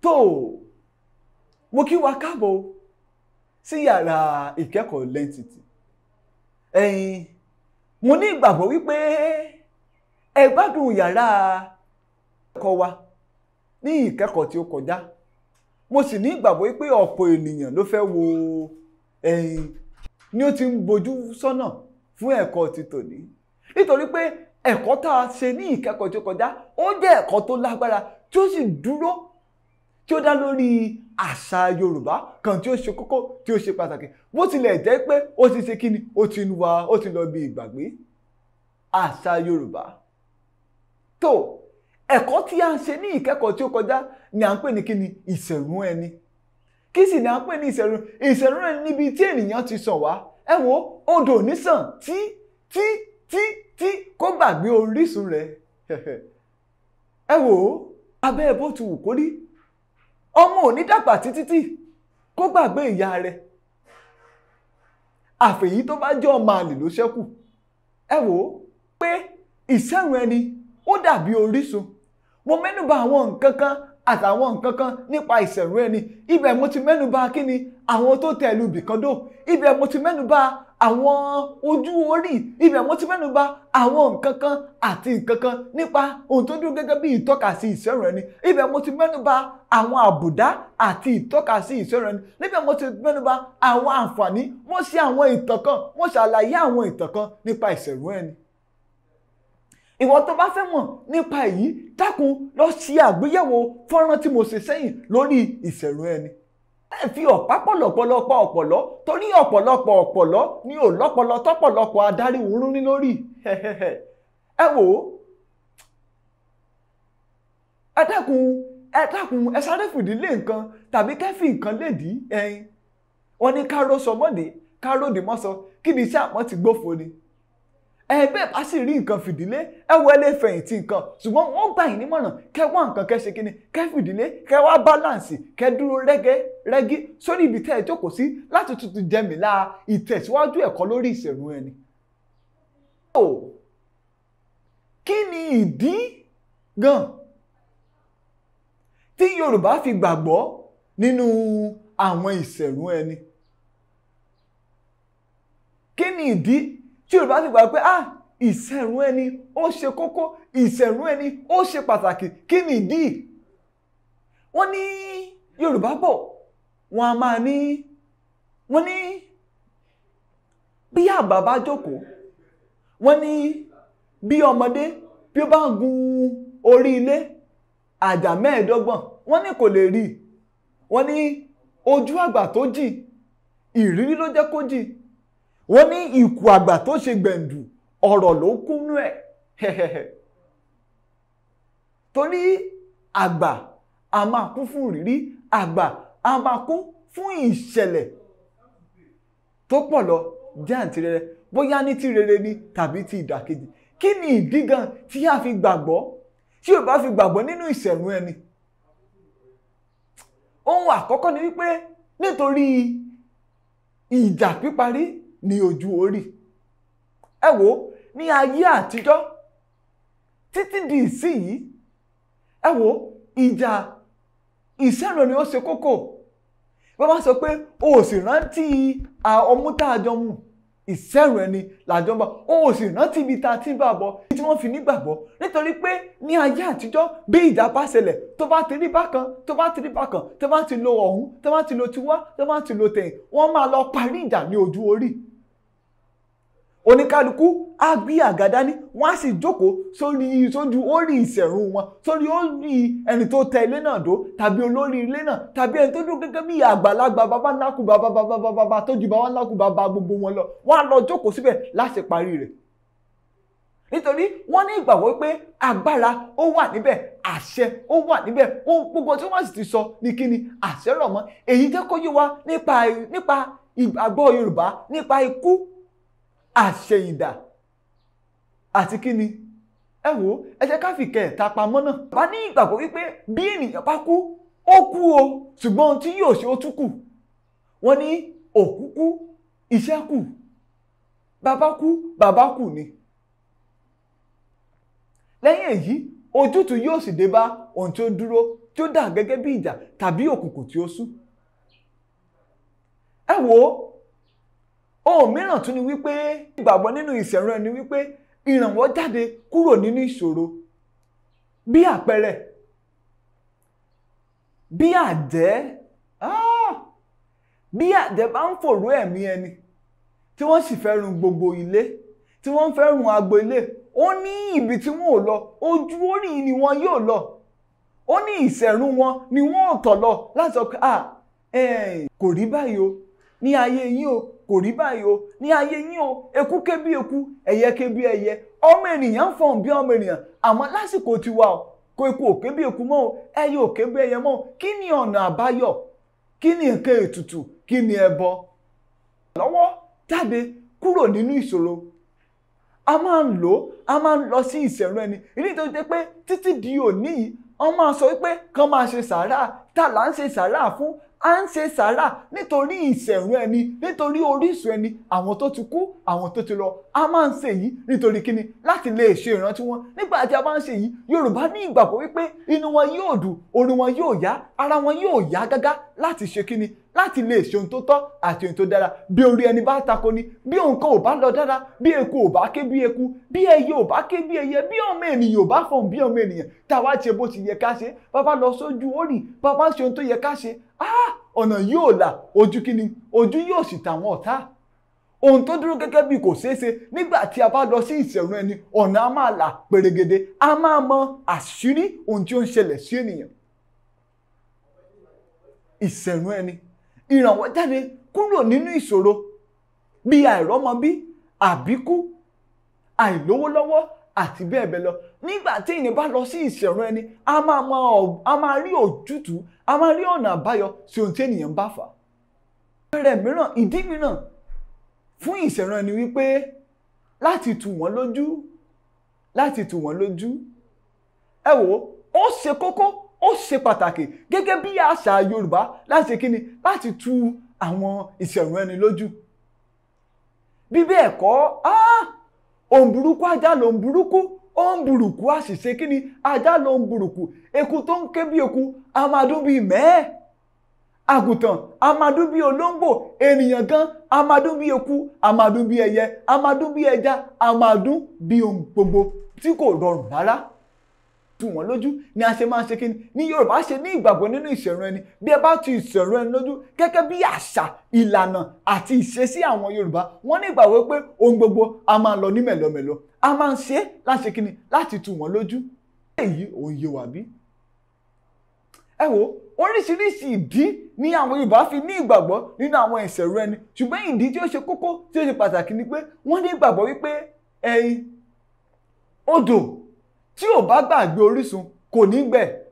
tó mo kí wa káàbọ̀ sí yàrá ìkẹ́kọ̀ọ́ lẹ́ńtìtì ẹ̀yin mo ní ìgbàgbọ́ wípé ẹ gbádùn yàrá ẹ̀kọ́ wa ní ìkẹ́kọ̀ọ́ tí ó kọjá mo sì ní ìgbàgbọ́ wípé ọ̀pọ̀ ènìyàn ló fẹ́ wo ẹ̀yin ni ó ti ń bojú sọ́nà fún ẹ̀kọ́ ti tòní nítorí pé ẹ̀kọ́ tá a ṣe ní ìkẹ́kọ̀ọ́ tí ó kọjá ó jẹ́ ẹ̀kọ́ tó lágbára tí ó sì dúró tí ó dá lórí àṣà Yorùbá kan tí ó ṣe kókó tí ó ṣe pàtàkì bó tilẹ̀ jẹ́ pé ó ti ṣe kí ni ó ti ń wá ó ti lọ bí ìgbàgbé àṣà Yorùbá tó ẹ̀kọ́ tí a ń ṣe ní ìkẹ́kọ̀ọ́ tí ó kọjá ni à ń pè ní kí ni ìṣẹ̀rún ẹni kí sì ni à ń pè ní ìṣẹ̀rún ìṣẹ̀rún ẹni níbi tí ènìyàn ti sàn wá ẹ wo odò nísàn tí tí tí tí kó gbàgbé orísun rẹ̀ ẹ wo abẹ́ bó ti wù kó rí ọmọ ò ní dàgbà títí tí kó gbàgbé ìyá rẹ̀ àfẹ̀yí tó bá jẹ́ ọmọ àlè ló ṣẹ́kù ẹ wò ó pé ìṣẹ́run ẹni ó dàbí orísun mo mẹ́nubà àwọn nǹkan kan àtàwọn nǹkan kan nípa ìṣẹ̀run ẹni ibẹ̀ mo ti mẹ́nubà kí ni àwọn tó tẹ̀lú bìkan dò ibẹ̀ mo ti mẹ́nubà àwọn ojú orí ibẹ̀ mo ti mẹ́nu bà àwọn nǹkan kan àti nǹkan kan nípa ohun tó dúró gẹ́gẹ́ bí ìtọ́kasí ìṣẹ́rùn ẹni ibẹ̀ mo ti mẹ́nu bà àwọn àbùdá àti ìtọ́kasí ìṣẹ́rùn ẹni níbẹ̀ mo ti mẹ́nu bà àwọn àǹfààní mo ṣe àwọn ìtàn kan mo ṣàlàyé àwọn ìtàn kan nípa ìṣẹ̀rùn ẹni ìwọ tó bá fẹ́ mọ̀ nípa èyí dákun lọ ṣe àgbéyẹ̀wò fọ́nrán tí mo ṣe sẹ́yìn lórí ìṣẹ̀rùn ẹni fi ọ̀pá pọ̀lọ̀pọ̀lọpọ̀ ọ̀pọ̀lọ́ torí ọ̀pọ̀lọpọ̀ ọ̀pọ̀lọ́ ni ò lọ́pọlọ tọ́pọ̀lọpọ̀ adarí òórùn ní lórí ẹ wò ó ẹ dákun ẹ dákun ẹ sáré fìdí lé nǹkan tàbí kẹ́fì nǹkan lédìí ẹyin wọn ní káró sọmọ́dé káró dìmọ́sọ kí ni iṣẹ́ àmọ́ ti gbófo ni ẹgbẹ́ bá sì rí nǹkan fìdílé ẹ wọlé fẹ̀yìntì nǹkan ṣùgbọ́n wọ́n gbà yín nímọ̀ràn kẹ́ wá nǹkan kẹ́ ṣe kínní kẹ́ fìdílé kẹ́ wá báláǹsì kẹ́ dúró rẹ́gẹ́ rẹ́gí sórí ibi tẹ́ ẹ jókòó sí láti tuntun jẹmìlá ìtẹ̀síwájú ẹ̀kọ́ lórí ìṣèlú ẹni. kí ni ìdí gan tí Yorùbá fi gbàgbọ́ nínú àwọn ìṣèlú ẹni? kí ni ìdí tí Yorùbá fi gbàgbọ́ pé ah ìṣẹ̀rún ẹni ó ṣe kókó ìṣẹ̀rún ẹni ó ṣe pàtàkì kí ni ìdí wọ́n ní Yorùbá bọ̀ wọn a máa ní wọ́n ní bí àgbà bá jókòó wọ́n ní bí ọmọdé bí ó bá ń gun orí ilé àjà mẹ́ẹ̀ẹ́dọ́gbọ̀n wọ́n ní kò lè rí i wọ́n ní ojú àgbà tó jì ìrírí ló jẹ́ kó jì wọ́n ní ìkù àgbà tó ṣe gbẹ̀ǹdù ọ̀rọ̀ ló kúnú ẹ̀ torí àgbà a máa kún fún ìrírí àgbà a máa kún fún ìṣẹ̀lẹ̀ tó pọ̀ lọ jáǹtì rere bóyá ní ti rere ni tàbí ti ìdàkejì kí ni ìdí gan tí a fi gbàgbọ́ tí o bá fi gbàgbọ́ nínú ìṣẹ̀rùn ẹni ohun àkọ́kọ́ ni wípé nítorí ìjà píparí ní ojú orí ẹ wò ní ayé àtijọ́ títí di ìsìn yìí ẹ wò ìjà ìṣèrò ni ó ṣe kókò wọ́n bá sọ pé o ò sì rántí ọmú tá a jọ mu ìṣèrò ẹni làjọ ń bá o ò sì rántí ibi tá a ti bá bọ̀ tí wọ́n fi nígbàgbọ́ nítorí pé ní ayé àtijọ́ bí ìjà bá ṣẹlẹ̀ tó bá ti rí bákan tó bá ti rí bákan tó bá ti lo ọ̀hún tó bá ti lo tiwa tó bá ti lo tẹ̀yìn wọ́n máa lọ parí ìjà ní ojú orí oníkálukú á gbé àga dání wọ́n á sì jókòó sórí sójú orí ìṣẹ̀rù wọn sórí orí ẹni tó tẹ ilé náà dó tàbí olórí ilé náà tàbí ẹni tó dún gẹ́gẹ́ bí àgbàlagbà bàbá ńláku bàbá bàbá bàbá tó ju bàbá ńláku bàbá gbogbo wọn lọ wọ́n á lọ jókòó síbẹ̀ láti parí rẹ̀ nítorí wọ́n ní ìgbàgbọ́ pé agbára ó wà níbẹ̀ àṣẹ ó wà níbẹ̀ ohun gbogbo tí wọ́n sì ti sọ ní kíni àṣẹ rọ̀ mọ́ àṣẹyìndà àti kíni ẹ wo ẹ jẹ́ ká fi kẹta pamọ́ náà. bàbá ní ìgbàgbọ́ wípé bí ènìyàn bá kú ó kú o ṣùgbọ́n ohun tí yóò ṣe ó tún kù wọ́n ní òkú kú iṣẹ́ kù bàbá kú bàbá kù ni. lẹ́yìn èyí ojútùú yóò sì dé bá ohun tí ó dúró tí ó dà gẹ́gẹ́ bí ìjà tàbí òkùnkùn tí ó sú. ẹ wo ohun mìíràn tún ni wípé ìgbàgbọ́ nínú ìṣẹ̀rọ ẹni wípé ìrànwọ́ jáde kúrò nínú ìṣòro bí àpẹẹrẹ bí àjẹ́ ah, bí àjẹ́ bá ń fòró ẹ̀mí ẹni tí wọ́n sì fẹ́ run gbogbo ilé tí wọ́n fẹ́ run agbo ilé ó ní ibi tí wọ́n ò lọ ojú orí ni wọ́n yóò lọ ó ní ìṣẹ̀rù wọn ni wọ́n ò tọ̀ lọ láti sọ pé ah, eh, kò rí báyìí o ní ayé yín o kò rí báyìí o ní ayé yín o eku ké bí eku ẹyẹ ké bí ẹyẹ ọmọ ènìyàn bí ọmọ ènìyàn àmọ́ lásìkò o kò eku ò ké bí eku mọ́ o ẹyẹ ò bí ẹyẹ mọ́ o kí ni ọ̀nà àbáyọ kí ni nǹkan ètùtù kí ni ẹbọ lọ́wọ́ jáde kúrò nínú a máa ń a máa ń lọ sí ẹni tó pé títí di òní yìí wọ́n máa sọ wípé kán máa ṣe sàárà tá ń ṣe sàárà à ń ṣe sàárà nítorí ìṣẹ̀rù ẹni nítorí orísun ẹni àwọn tó ti kú àwọn tó ti lọ a máa ń ṣe yìí nítorí kíni láti lè ṣe ìrántí wọn nígbà tí a bá ń ṣe yìí Yorùbá ní ìgbàgbọ́ wípé inú wọn yóò dùn orí wọn yóò yá ara wọn yóò yá gágá láti ṣe kíni láti lè ṣe ohun tó tọ́ àti ohun tó dára bí orí ẹni bá tako ni bí nǹkan ò bá lọ dára bí eku ò bá ké bí eku bí ẹyẹ ò bá ké bí ẹyẹ bí ọmọ ènìyàn ò bá fọ̀n bí ọmọ ènìyàn táwa ṣe bó ti yẹ ká ṣe bàbá lọ sójú orí bàbá ṣe ohun tó yẹ ká ṣe ah! ọ̀nà yóò là ojú kíni ojú yóò sì tàwọn ọ̀tá ohun tó dúró gẹ́gẹ́ bí kò ṣeé ṣe nígbà tí a bá lọ sí ìṣẹ̀rùn ẹni ọ̀nà a máa là pèrègèdè a máa mọ àṣírí ohun tí ó ń ṣẹlẹ̀ sí ènìyàn ìṣẹ̀nu ẹni ìrànwọ́ jáde kúrò nínú ìṣòro bíi àìrọ́mọbí àbíkú àìlówólọ́wọ́ àti bẹ́ẹ̀ bẹ́ẹ̀ lọ nígbà tí èèyàn bá lọ sí ìṣẹ̀nu ẹni a máa mọ a máa rí òjútùú a máa rí ọ̀nà àbáyọ sí ohun tí ènìyàn bá fà. ìbéèrè mìíràn ìdí mìíràn fún ìṣẹ̀nu ẹni wípé láti tù wọ́n lójú láti tù wọ́n lójú ẹ wò ó ṣe kókó ó ṣe pàtàkì gẹ́gẹ́ bí àṣà yorùbá láti kíni láti tu àwọn ìṣẹ̀rùn ẹni lójú bí bẹ́ẹ̀ kọ́ ah, òun burúkú ajá lòun burúkú ó ń burúkú àṣìṣe kíni ajá lòun burúkú eku tó ń ké bí eku a máa dún bíi mẹ́ẹ̀ àgùntàn a máa dún bíi olóńgbò ènìyàn gan a bíi eku a bíi ẹyẹ a bíi ẹja a bíi ohun gbogbo tí kò rọrùn rárá tù wọ́n lójú ni a ṣe máa ń ṣe kíni ní Yorùbá ṣe ní ìgbàgbọ́ nínú ìṣẹ̀rùn ẹni bí ẹ bá tu ìṣẹ̀rùn ẹni lójú gẹ́gẹ́ bí àṣà ìlànà àti ìṣesí àwọn Yorùbá wọ́n ní ìgbàgbọ́ pé ohun gbogbo a máa lọ ní mẹ̀lọmẹ̀lọ a máa ń ṣe é láti ṣe kíni láti tù wọ́n lójú èyí òun yé wà bí. ẹ wo oríṣiríṣi ìdí ni àwọn Yorùbá fi ní ìgbàgbọ́ nínú àwọn ìṣẹ̀rùn ẹni ṣùgbọ́n ìdí tí ó ṣe kókó tí ò bá gbàgbé orísun kò ní gbẹ